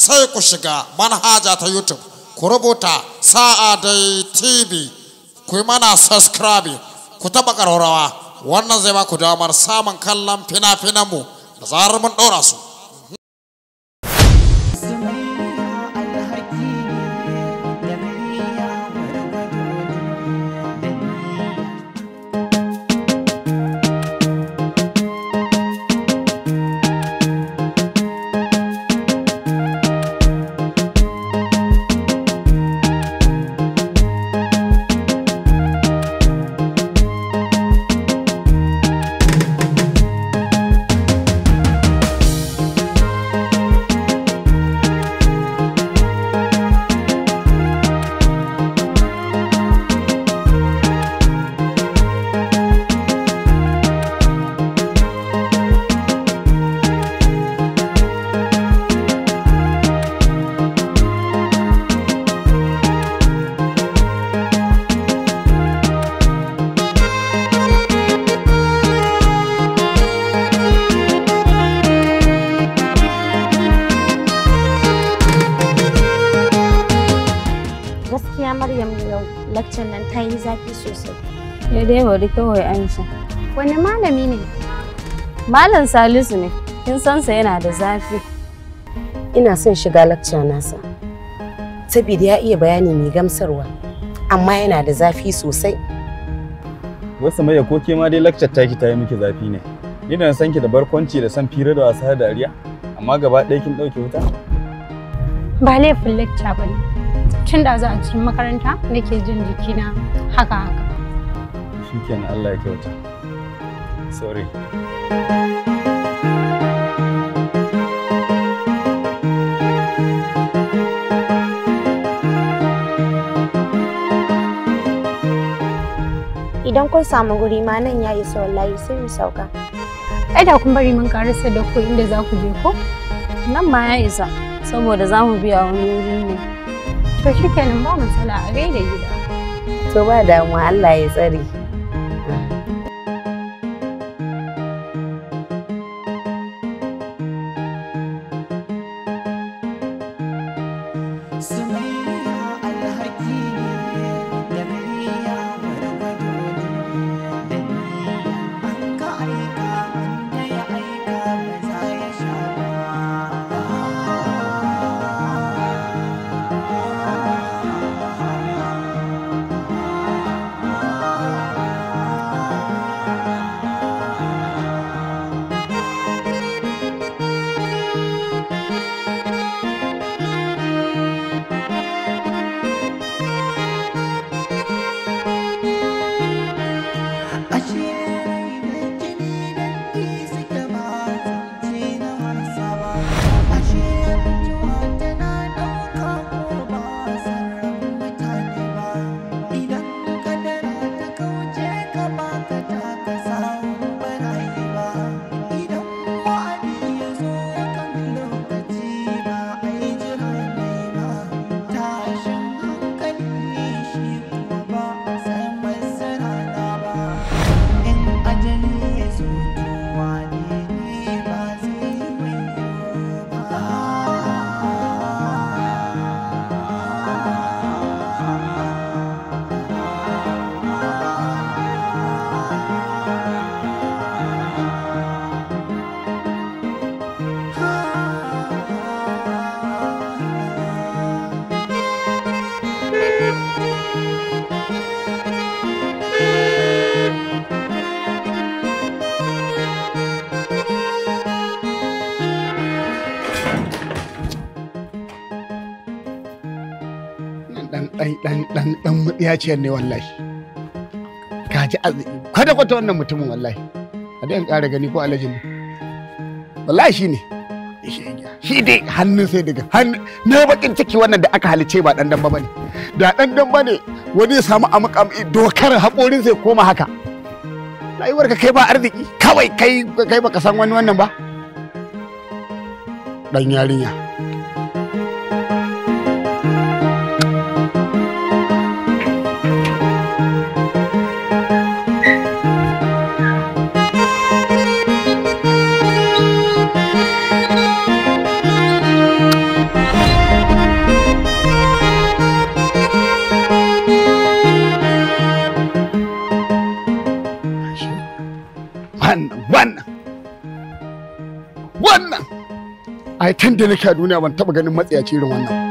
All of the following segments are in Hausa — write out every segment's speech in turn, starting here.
sai ku shiga manhaja ta YouTube ku rubuta sa'a dai TV ku yi mana subscribe ku taɓa ƙararrawa wannan zai ba ku damar samun kallon fina-finanmu da zarar mun ɗora su. dai bari kawai amsa. Wani malami ne? Malam Salisu ne, kin san sa yana da zafi. Ina son shiga lakca nasa. Saboda ya iya bayani mai gamsarwa, amma yana da zafi sosai. Wasu mai ko kema ma dai lakcar taki ta yi miki zafi ne. Ina da san ki da barkwanci da san fira da wasa da dariya, amma gaba ɗaya kin ɗauke wuta. Ba laifin lakca ba ne. Tun da za a cikin makaranta nake jin jikina haka haka. shikenan Allah ya kyauta sorry idan kun samu guri ma nan ya isa wallahi sai mu sauka. Ai da kun bari mun karasa da ku inda za ku je ko? Nan ma ya isa saboda za mu biya wani wuri ne. To shikenan ba matsala a gaida gida. To ba damuwa Allah ya tsare. dan dan dan dan mutsiyaciyar ne wallahi ka ji kwata kwata wannan mutumin wallahi a dai in ƙara gani ko alajin wallahi shi ne shi dai hannun sai daga hannun na bakin ciki wannan da aka halice ba ɗan dan ba ne da ɗan dan ba ne wani ya samu amukam dokar haƙorin sai koma haka rayuwar ka kai ba arziki kawai kai kai baka san wani wannan ba Ɗan yarinya tun da nake a duniya ban taba ganin matsiyaci irin wannan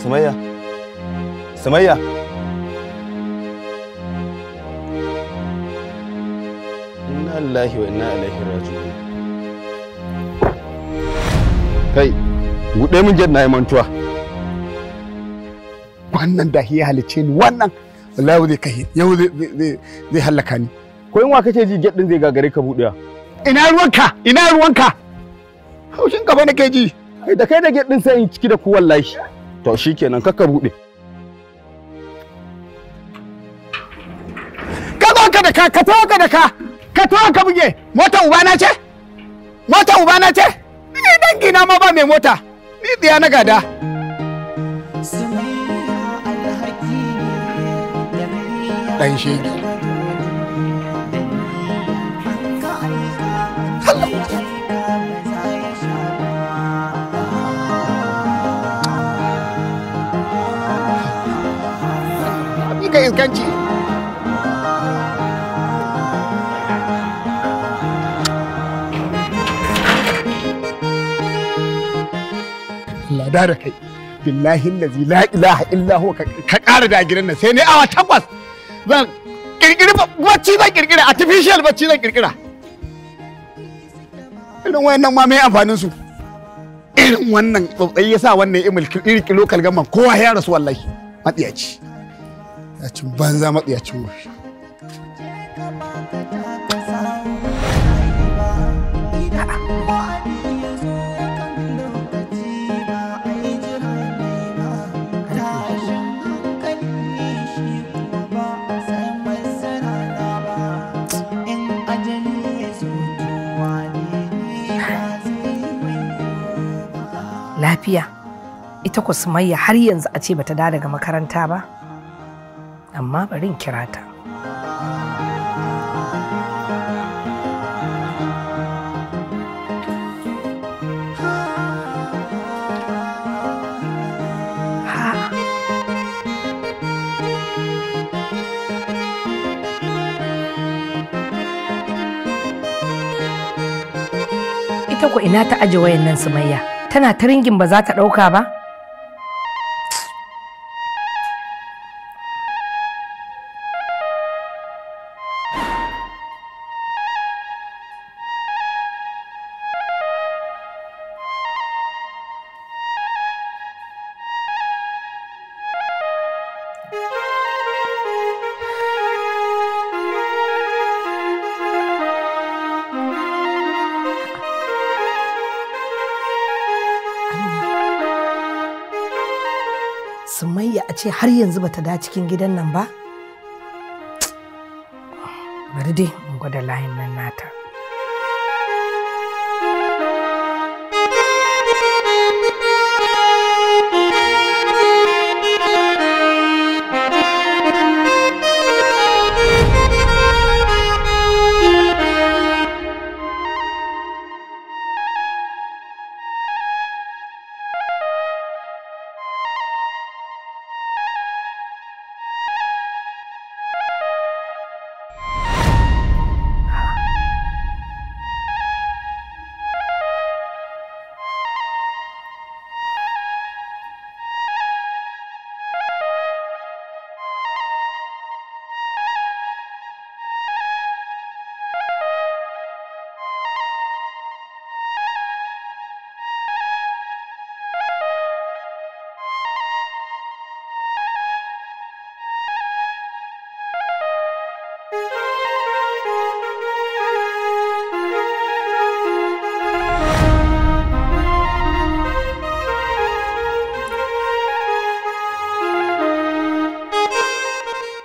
Sumayya. Sumayya. Inna lillahi wa inna ilaihi raji'un. Kai, buɗe min jet na mantuwa. Wannan da ya halicce ni wannan wallahi zai kai yau zai halaka ni. Ko in wa kace ji jet din zai gagare ka buɗewa? Ina ruwanka? Ina ruwanka? Haushin gaba nake ji. Da kai da jet din sai in ciki da ku wallahi. to kenan kakka buɗe ka zo ka da ka ka tawo ka da ka ka tawo ka buge motar ubana ce motar ubana ce ni dangi na ma ba mai mota ni tsiya na gada dan shege iskanci da kai billahi lazi la ilaha illa huwa ka ƙara da gidan nan sai ne awa takwas zan kirkiri bacci zan kirkira artificial bacci zan kirkira irin wayannan ma mai amfanin su irin wannan tsotsai yasa wannan imil local government kowa ya rasu wallahi matsiyaci yacin banza matsiyacin gobe lafiya ita kusumayya har yanzu a ce bata dawo daga makaranta ba amma bari in kira ta ita ko ina ta aje wayan nan sumayya tana ta ringin ba za ta ɗauka ba ce har yanzu bata da cikin gidan nan ba bari dai in gwada layin nan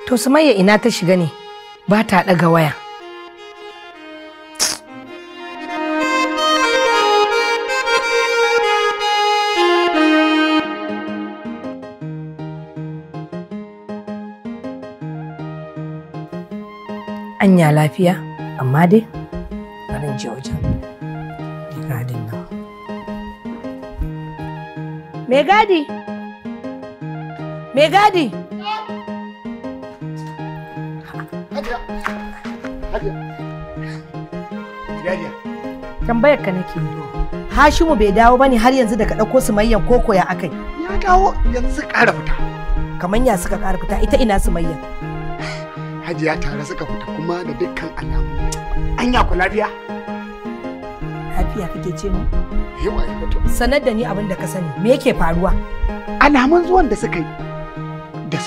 To Sumayya ina ta shiga ne ba ta ɗaga waya. Anya lafiya, amma dai barin je wajen gadin nan. Me gadi? Me gadi? Tambayar ka nake yi. Hashimu bai dawo bane har yanzu daga ɗauko sumayyan koko ya akai. Ya dawo yanzu ƙara fita. Kamar ya suka ƙara fita ita ina sumayyan. Hajiya tare suka fita kuma da dukkan alamu. Anya ku lafiya? Lafiya kake ce mu? Yawa ya fito. Sanar da ni abin da ka sani. Me yake faruwa? Alamun zuwan da suka yi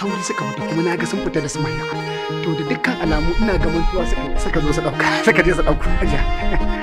sauri suka mutu kuma na ga sun fita da sumayya to da dukkan alamu ina ga mantuwa suka zo su dauka suka je su dauka aja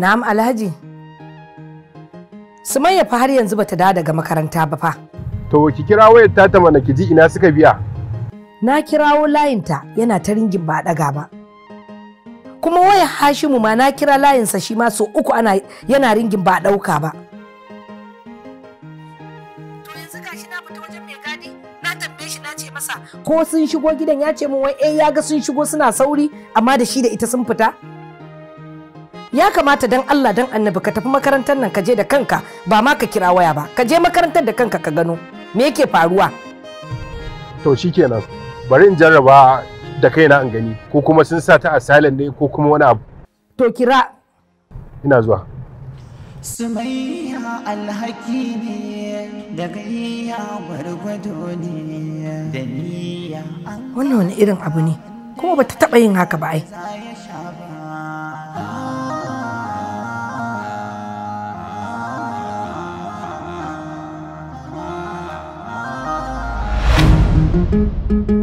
Na'am Alhaji. Sumayya fa har yanzu bata dawo daga makaranta ba fa. To ki kira wayar ta ta mana kiji ina suka biya. Na kirawo layinta yana ta ringin ba daga ba. Kuma wayar Hashimu ma na kira layinsa shi ma uku ana yana ringin ba dauka ba. ko sun shigo gidan ya ce min wai eh ya ga sun shigo suna sauri amma da shi da ita sun fita ya kamata dan Allah dan annabi ka tafi makarantar nan ka je da kanka ba ma ka kira waya ba ka je makarantar da kanka ka gano me yake faruwa to shikenan bari in jarraba da kaina in gani ko kuma sun sa ta a silent ne ko kuma wani abu to kira ina zuwa sumayya alhaki ne da gayya gwargwado ne da niyya wannan wani irin abu ne kuma bata taɓa yin haka ba ai thank you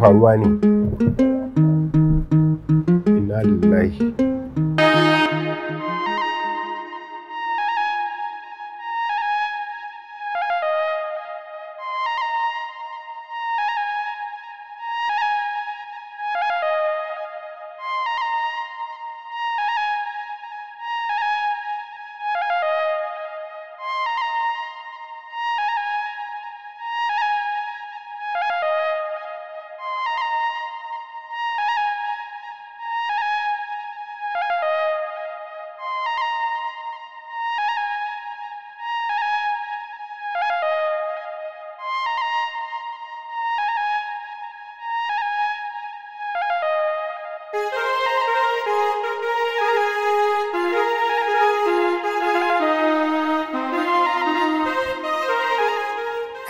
faruwa ne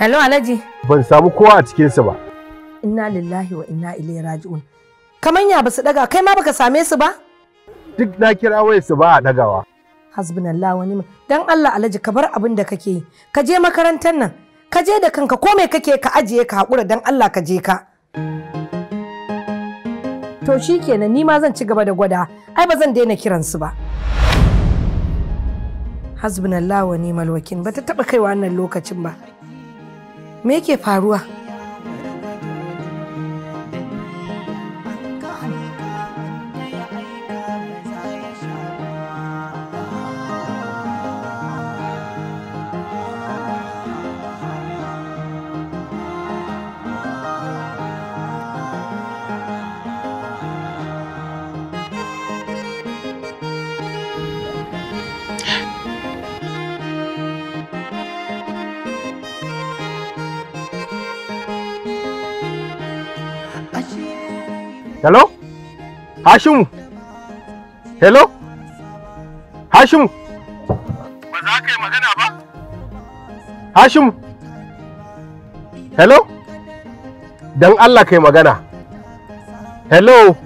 Hello Alhaji. Ban samu kowa a cikinsu ba. Inna lillahi wa inna ilaihi raji'un. Kamanya ba su daga kai ma baka same su ba? Duk na kira su ba a dagawa. Hasbunallah wani ni'mal. Dan Allah Alhaji ka bar abin da kake yi. Ka je makarantar nan. Ka je da kanka ko me kake ka ajiye ka hakura dan Allah ka je ka. To shi kenan ni ma zan ci gaba da gwada. Ai ba zan daina kiransu ba. Hasbunallah wa ni'mal ba Bata taba kaiwa wannan lokacin ba. me yake faruwa hello hashimu hello hashimu ba za ka yi magana ba hashimu hello don allah ka yi magana hello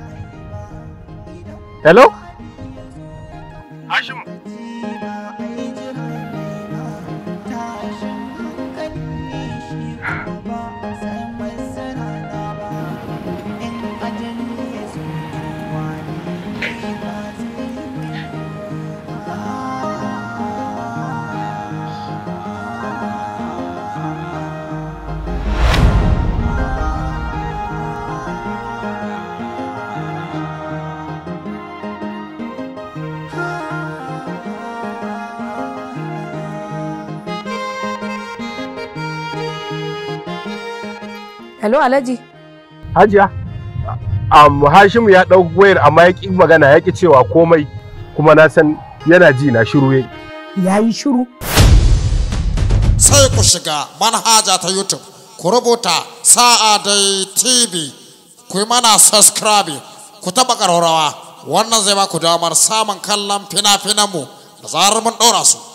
hello hashimu Hello Alhaji. Hajiya. Um, Hashimu ya ɗau wayar amma ya ƙi magana ya ƙi cewa komai kuma na san yana ji na shiru ya Ya yi shiru. Sai ku shiga manhaja ta YouTube ku rubuta sa'a dai TV ku yi mana subscribe ku taɓa ƙararrawa wannan zai ba ku damar samun kallon fina-finanmu da zarar mun ɗora su.